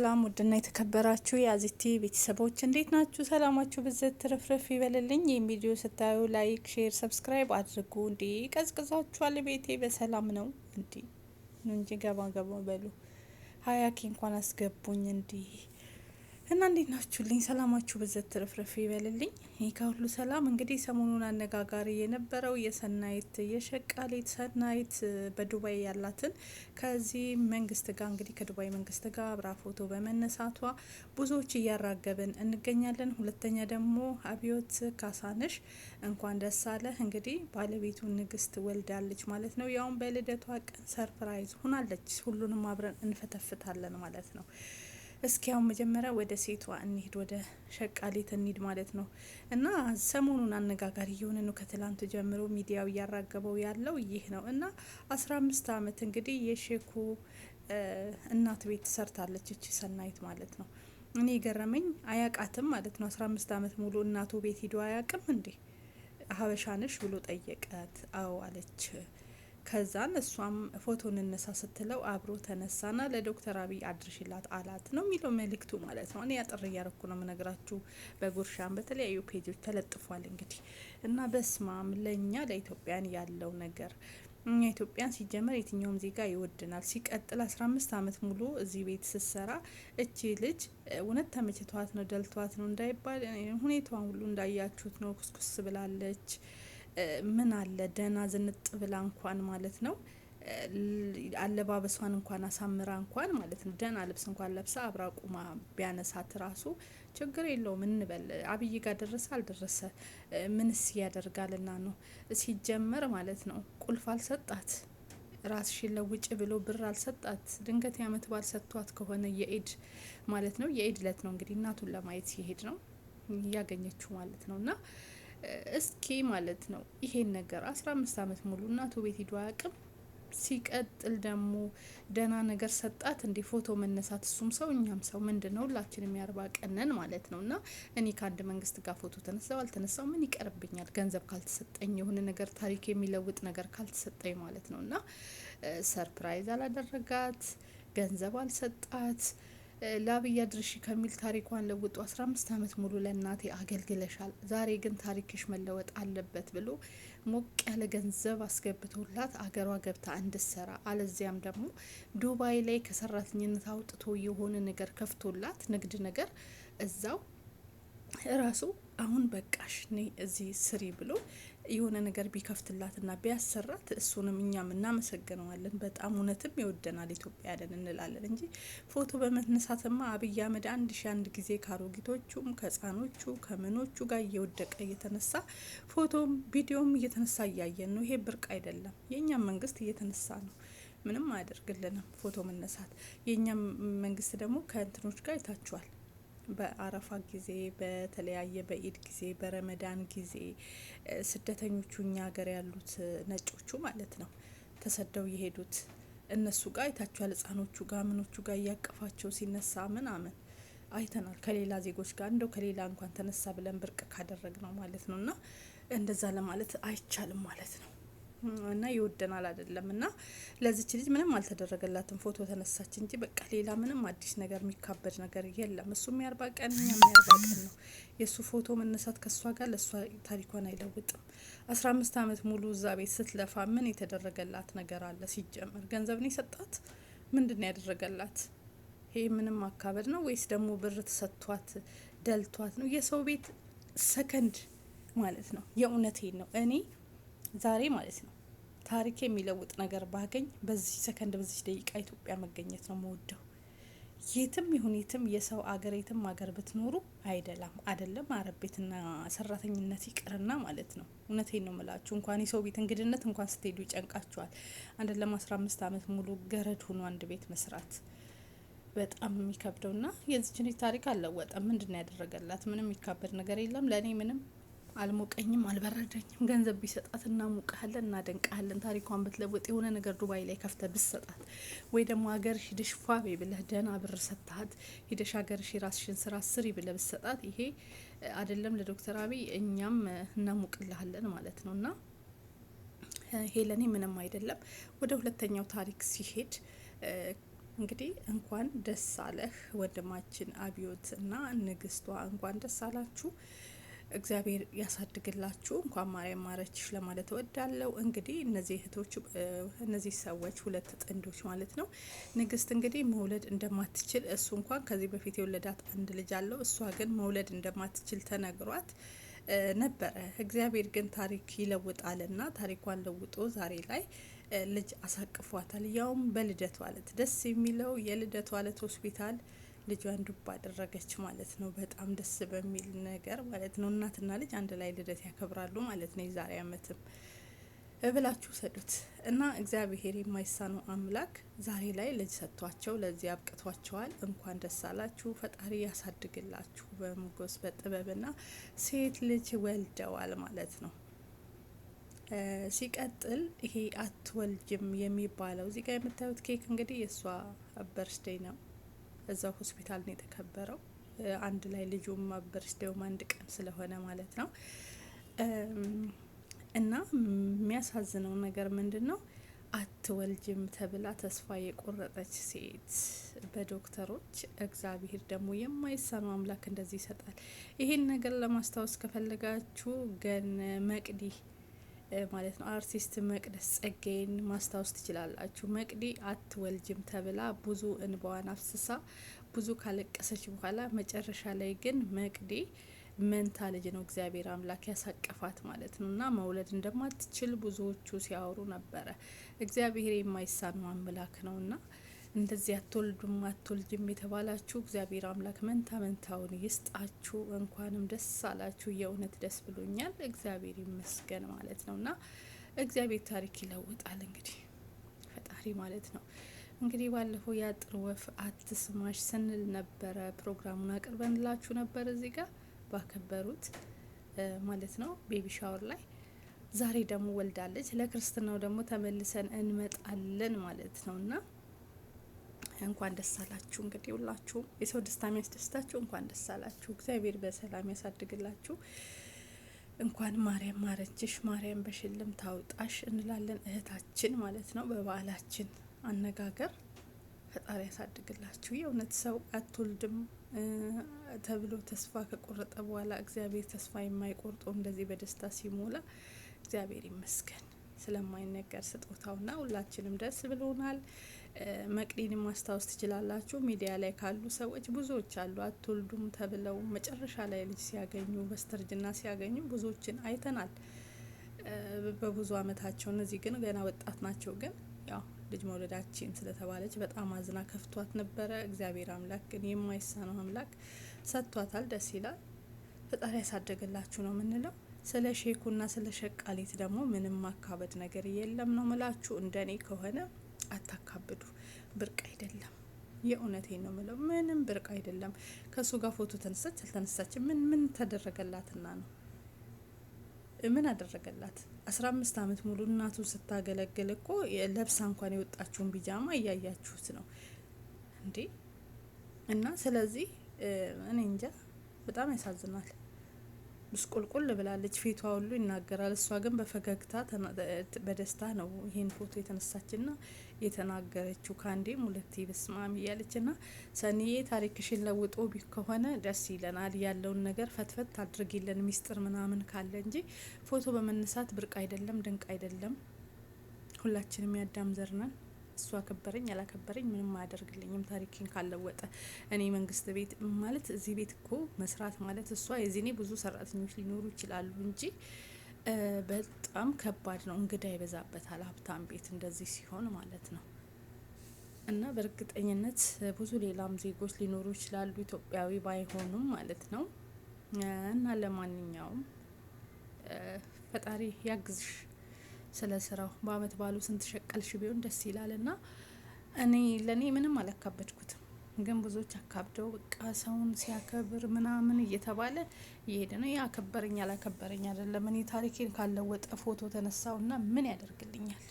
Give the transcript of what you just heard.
ሰላም ውድና የተከበራችሁ የአዚቲ ቤተሰቦች እንዴት ናችሁ? ሰላማችሁ ብዘት ትርፍርፍ ይበልልኝ። ይህም ቪዲዮ ስታዩ ላይክ፣ ሼር፣ ሰብስክራይብ አድርጉ። እንዲ ቀዝቅዛችኋል። ቤቴ በሰላም ነው። እንዲ እንጂ ገባ ገባ በሉ ሀያኪ እንኳን አስገቡኝ እንዲህ እና እንዴት ናችሁልኝ? ሰላማችሁ በዘት ትረፍረፍ ይበልልኝ። ይህ ከሁሉ ሰላም። እንግዲህ ሰሞኑን አነጋጋሪ የነበረው የሰናይት የሸቃሊት ሰናይት በዱባይ ያላትን ከዚህ መንግስት ጋር እንግዲህ ከዱባይ መንግስት ጋር አብራ ፎቶ በመነሳቷ ብዙዎች እያራገብን እንገኛለን። ሁለተኛ ደግሞ አብዮት ካሳነሽ እንኳን ደስ አለህ። እንግዲህ ባለቤቱ ንግስት ወልዳለች ማለት ነው። ያውም በልደቷ ቀን ሰርፕራይዝ ሁናለች። ሁሉንም አብረን እንፈተፍታለን ማለት ነው። እስኪ ያው መጀመሪያ ወደ ሴቷ እንሂድ፣ ወደ ሸቃሌት እንሂድ ማለት ነው። እና ሰሞኑን አነጋጋሪ የሆነ ነው። ከትላንቱ ጀምሮ ሚዲያው እያራገበው ያለው ይህ ነው። እና አስራ አምስት አመት እንግዲህ የሼኩ እናት ቤት ሰርታለች እቺ ሰናይት ማለት ነው። እኔ የገረመኝ አያቃትም ማለት ነው። አስራ አምስት አመት ሙሉ እናቱ ቤት ሂዶ አያቅም እንዴ? ሀበሻ ነሽ ብሎ ጠየቀት። አዎ አለች። ከዛን እሷም ፎቶ እንነሳ ስትለው አብሮ ተነሳና ለዶክተር አብይ አድርሽላት አላት ነው የሚለው መልእክቱ ማለት ነው። እኔ ያጠር እያረኩ ነው የምነግራችሁ። በጉርሻን በተለያዩ ፔጆች ተለጥፏል እንግዲህ እና በስማም ለእኛ ለኢትዮጵያን ያለው ነገር እኛ ኢትዮጵያን ሲጀመር የትኛውም ዜጋ ይወድናል። ሲቀጥል አስራ አምስት አመት ሙሉ እዚህ ቤት ስትሰራ እቺ ልጅ እውነት ተመችቷት ነው ደልቷት ነው እንዳይባል ሁኔታዋን ሁሉ እንዳያችሁት ነው። ኩስኩስ ብላለች። ምን አለ ደህና ዝንጥ ብላ እንኳን ማለት ነው አለባበሷን እንኳን አሳምራ እንኳን ማለት ነው ደህና ልብስ እንኳን ለብሳ አብራ ቁማ ቢያነሳት ራሱ ችግር የለውም እንበል። አብይ ጋር ደረሰ አልደረሰ ምንስ ያደርጋልና ነው ሲጀመር ማለት ነው። ቁልፍ አልሰጣት ራስሽን ለውጭ ብሎ ብር አልሰጣት። ድንገት የአመት ባል ሰጥቷት ከሆነ የኤድ ማለት ነው የኤድ ለት ነው እንግዲህ እናቱን ለማየት ሲሄድ ነው እያገኘችው ማለት ነው እና እስኪ ማለት ነው ይሄን ነገር አስራ አምስት አመት ሙሉ እናቱ ቤት ሂዶ አያውቅም። ሲቀጥል ደግሞ ደህና ነገር ሰጣት እንዴ ፎቶ መነሳት፣ እሱም ሰው እኛም ሰው ምንድን ነው ሁላችንም የሚያርባ ቀነን ማለት ነው። እና እኔ ከአንድ መንግስት ጋር ፎቶ ተነሳው አልተነሳው ምን ይቀርብኛል? ገንዘብ ካልተሰጠኝ የሆነ ነገር ታሪክ የሚለውጥ ነገር ካልተሰጠኝ ማለት ነው። እና ሰርፕራይዝ አላደረጋት፣ ገንዘብ አልሰጣት ላብያ ድርሽ ከሚል ታሪኳን ለውጡ አስራ አምስት ዓመት ሙሉ ለእናቴ አገልግለሻል፣ ዛሬ ግን ታሪክሽ መለወጥ አለበት ብሎ ሞቅ ያለ ገንዘብ አስገብቶላት አገሯ ገብታ እንድሰራ አለዚያም ደግሞ ዱባይ ላይ ከሰራተኝነት አውጥቶ የሆነ ነገር ከፍቶላት ንግድ ነገር እዛው ራሱ አሁን በቃሽ ነይ እዚህ ስሪ ብሎ የሆነ ነገር ቢከፍትላትና ቢያሰራት እሱንም እኛም እናመሰግነዋለን። በጣም እውነትም ይወደናል ኢትዮጵያ ያለን እንላለን እንጂ ፎቶ በመነሳትማ አብይ አህመድ አንድ ሺ አንድ ጊዜ ከአሮጊቶቹም ከህጻኖቹ ከምኖቹ ጋር እየወደቀ እየተነሳ ፎቶም ቪዲዮም እየተነሳ እያየን ነው። ይሄ ብርቅ አይደለም። የእኛም መንግስት እየተነሳ ነው። ምንም አያደርግልንም ፎቶ መነሳት። የእኛም መንግስት ደግሞ ከእንትኖች ጋር ይታችኋል በአረፋ ጊዜ፣ በተለያየ በኢድ ጊዜ፣ በረመዳን ጊዜ ስደተኞቹ እኛ ሀገር ያሉት ነጮቹ ማለት ነው ተሰደው የሄዱት እነሱ ጋር አይታችኋል። ህጻኖቹ ጋር ምኖቹ ጋር እያቀፋቸው ሲነሳ ምናምን አይተናል። ከሌላ ዜጎች ጋር እንደው ከሌላ እንኳን ተነሳ ብለን ብርቅ ካደረግ ነው ማለት ነው እና እንደዛ ለማለት አይቻልም ማለት ነው። እና ይወደናል አይደለም እና ለዚች ልጅ ምንም አልተደረገላትም። ፎቶ ተነሳች እንጂ በቃ ሌላ ምንም አዲስ ነገር የሚካበድ ነገር የለም። እሱ የሚያርባ ቀን እኛ የሚያርባ ቀን ነው። የእሱ ፎቶ መነሳት ከእሷ ጋር ለእሷ ታሪኳን አይለውጥም። አስራ አምስት አመት ሙሉ እዛ ቤት ስትለፋ ምን የተደረገላት ነገር አለ? ሲጀመር ገንዘብን የሰጣት ምንድን ያደረገላት? ይሄ ምንም አካበድ ነው ወይስ ደግሞ ብር ተሰጥቷት ደልቷት ነው? የሰው ቤት ሰከንድ ማለት ነው። የእውነቴን ነው እኔ ዛሬ ማለት ነው ታሪክ የሚለውጥ ነገር ባገኝ በዚህ ሰከንድ በዚህ ደቂቃ ኢትዮጵያ መገኘት ነው መወደው። የትም ይሁን የትም የሰው አገር የትም አገር ብትኖሩ አይደላም አይደለም አረብ ቤትና ሰራተኝነት ይቅርና ማለት ነው። እውነቴን ነው ምላችሁ እንኳን የሰው ቤት እንግድነት እንኳን ስትሄዱ ይጨንቃችኋል። አይደለም አስራ አምስት አመት ሙሉ ገረድ ሆኖ አንድ ቤት መስራት በጣም የሚከብደው ና የዚችን ታሪክ አልለወጠም። ምንድን ነው ያደረገላት? ምንም የሚካበድ ነገር የለም ለእኔ ምንም አልሞቀኝም፣ አልበረደኝም። ገንዘብ ቢሰጣት እናሞቀሃለን፣ እናደንቀሃለን፣ ታሪኳን ብትለወጥ የሆነ ነገር ዱባይ ላይ ከፍተ ብሰጣት ወይ ደግሞ ሀገር ሂደሽ ፏቤ ብለህ ደህና ብር ሰጥታት ሂደሽ ሀገርሽ ራስሽን ስራ ስሪ ብለህ ብሰጣት ይሄ አይደለም ለዶክተር አብይ እኛም እናሞቅልሃለን ማለት ነው እና ለእኔ ምንም አይደለም። ወደ ሁለተኛው ታሪክ ሲሄድ እንግዲህ እንኳን ደስ አለህ ወንድማችን አብዮት እና ንግስቷ እንኳን ደስ አላችሁ። እግዚአብሔር ያሳድግላችሁ። እንኳን ማርያም ማረችሽ ለማለት እወዳለሁ። እንግዲህ እነዚህ እህቶች እነዚህ ሰዎች ሁለት ጥንዶች ማለት ነው። ንግስት እንግዲህ መውለድ እንደማትችል እሱ እንኳን ከዚህ በፊት የወለዳት አንድ ልጅ አለው። እሷ ግን መውለድ እንደማትችል ተነግሯት ነበረ። እግዚአብሔር ግን ታሪክ ይለውጣልና ታሪኳን ለውጦ ዛሬ ላይ ልጅ አሳቅፏታል። ያውም በልደቷ ዕለት ደስ የሚለው የልደቷ ዕለት ሆስፒታል ልጇን ዱብ አደረገች ማለት ነው። በጣም ደስ በሚል ነገር ማለት ነው። እናትና ልጅ አንድ ላይ ልደት ያከብራሉ ማለት ነው። የዛሬ አመትም እብላችሁ ሰዱት እና እግዚአብሔር የማይሳነው አምላክ ዛሬ ላይ ልጅ ሰጥቷቸው ለዚህ አብቅቷቸዋል። እንኳን ደስ አላችሁ። ፈጣሪ ያሳድግላችሁ በሞገስ በጥበብና ሴት ልጅ ወልደዋል ማለት ነው። ሲቀጥል ይሄ አትወልጅም የሚባለው እዚህ ጋር የምታዩት ኬክ እንግዲህ የእሷ በርስዴይ ነው። እዛው ሆስፒታል ነው የተከበረው። አንድ ላይ ልጁም በርዝዴውም አንድ ቀን ስለሆነ ማለት ነው። እና የሚያሳዝነው ነገር ምንድን ነው አትወልጅም ተብላ ተስፋ የቆረጠች ሴት በዶክተሮች። እግዚአብሔር ደግሞ የማይሳነው አምላክ እንደዚህ ይሰጣል። ይሄን ነገር ለማስታወስ ከፈለጋችሁ ገን መቅዲ ማለት ነው አርቲስት መቅደስ ጸጌን ማስታወስ ትችላላችሁ። መቅዲ አትወልጅም ተብላ ብዙ እንባዋን አፍስሳ ብዙ ካለቀሰች በኋላ መጨረሻ ላይ ግን መቅዲ መንታ ልጅ ነው እግዚአብሔር አምላክ ያሳቀፋት ማለት ነው። እና መውለድ እንደማትችል ብዙዎቹ ሲያወሩ ነበረ። እግዚአብሔር የማይሳነው አምላክ ነውና እንደዚህ አትወልዱም አትወልጅም የተባላችሁ እግዚአብሔር አምላክ መንታ መንታውን ይስጣችሁ። እንኳንም ደስ አላችሁ። የእውነት ደስ ብሎኛል። እግዚአብሔር ይመስገን ማለት ነው እና እግዚአብሔር ታሪክ ይለውጣል። እንግዲህ ፈጣሪ ማለት ነው። እንግዲህ ባለፈው የአጥር ወፍ አትስማሽ ስንል ነበረ። ፕሮግራሙን አቅርበንላችሁ ነበር እዚህ ጋር ባከበሩት ማለት ነው ቤቢ ሻወር ላይ ዛሬ ደግሞ ወልዳለች። ለክርስትናው ደግሞ ተመልሰን እንመጣለን ማለት ነው እና እንኳን ደስ አላችሁ። እንግዲህ ሁላችሁም የሰው ደስታ የሚያስደስታችሁ እንኳን ደስ አላችሁ። እግዚአብሔር በሰላም ያሳድግላችሁ። እንኳን ማርያም ማረችሽ፣ ማርያም በሽልም ታውጣሽ እንላለን እህታችን ማለት ነው። በበዓላችን አነጋገር ፈጣሪ ያሳድግላችሁ። የእውነት ሰው አትወልድም ተብሎ ተስፋ ከቆረጠ በኋላ እግዚአብሔር ተስፋ የማይቆርጠው እንደዚህ በደስታ ሲሞላ እግዚአብሔር ይመስገን ስለማይነገር ስጦታውና ሁላችንም ደስ ብሎናል። መቅዲንም ማስታወስ ትችላላችሁ። ሚዲያ ላይ ካሉ ሰዎች ብዙዎች አሉ። አትወልዱም ተብለው መጨረሻ ላይ ልጅ ሲያገኙ በስተርጅና ሲያገኙ ብዙዎችን አይተናል በብዙ አመታቸው። እነዚህ ግን ገና ወጣት ናቸው። ግን ያው ልጅ መውለዳችን ስለተባለች በጣም አዝና ከፍቷት ነበረ። እግዚአብሔር አምላክ ግን የማይሳነው አምላክ ሰጥቷታል። ደስ ይላል። ፈጣሪ ያሳደገላችሁ ነው የምንለው። ስለ ሼኩና ስለ ሸቃሊት ደግሞ ምንም ማካበድ ነገር የለም ነው ምላችሁ እንደኔ ከሆነ አታካብዱ። ብርቅ አይደለም። የእውነቴ ነው ምለው፣ ምንም ብርቅ አይደለም። ከእሱ ጋር ፎቶ ተነሳች አልተነሳች ምን ምን ተደረገላትና ነው? ምን አደረገላት? አስራ አምስት አመት ሙሉ እናቱ ስታገለግል እኮ ለብሳ እንኳን የወጣችውን ቢጃማ እያያችሁት ነው እንዴ! እና ስለዚህ እኔ እንጃ በጣም ያሳዝናል። ብስቁልቁል ብላለች። ፊቷ ሁሉ ይናገራል። እሷ ግን በፈገግታ በደስታ ነው ይህን ፎቶ የተነሳችና የተናገረችው። ከአንዴም ሁለቴ በስማም እያለች ና ሰኒዬ ታሪክሽን ለውጦ ከሆነ ደስ ይለናል። ያለውን ነገር ፈትፈት አድርጊለን ሚስጥር ምናምን ካለ እንጂ ፎቶ በመነሳት ብርቅ አይደለም፣ ድንቅ አይደለም። ሁላችንም ያዳም ዘርነን እሱ አከበረኝ ያላከበረኝ ምንም አያደርግልኝም። ታሪኬን ካለወጠ እኔ መንግስት ቤት ማለት እዚህ ቤት እኮ መስራት ማለት እሷ የዚኔ ብዙ ሰራተኞች ሊኖሩ ይችላሉ እንጂ በጣም ከባድ ነው። እንግዳ ይበዛበታል ሀብታም ቤት እንደዚህ ሲሆን ማለት ነው። እና በእርግጠኝነት ብዙ ሌላም ዜጎች ሊኖሩ ይችላሉ ኢትዮጵያዊ ባይሆኑም ማለት ነው። እና ለማንኛውም ፈጣሪ ያግዝሽ። ስለ ስራው በአመት ባሉ ስንት ሸቀልሽ ቢሆን ደስ ይላል። እና እኔ ለእኔ ምንም አላካበድኩትም፣ ግን ብዙዎች አካብደው በቃ ሰውን ሲያከብር ምናምን እየተባለ እየሄደ ነው። ያከበረኝ አላከበረኝ አይደለም። እኔ ታሪኬን ካለወጠ ፎቶ ና ምን ያደርግልኛል?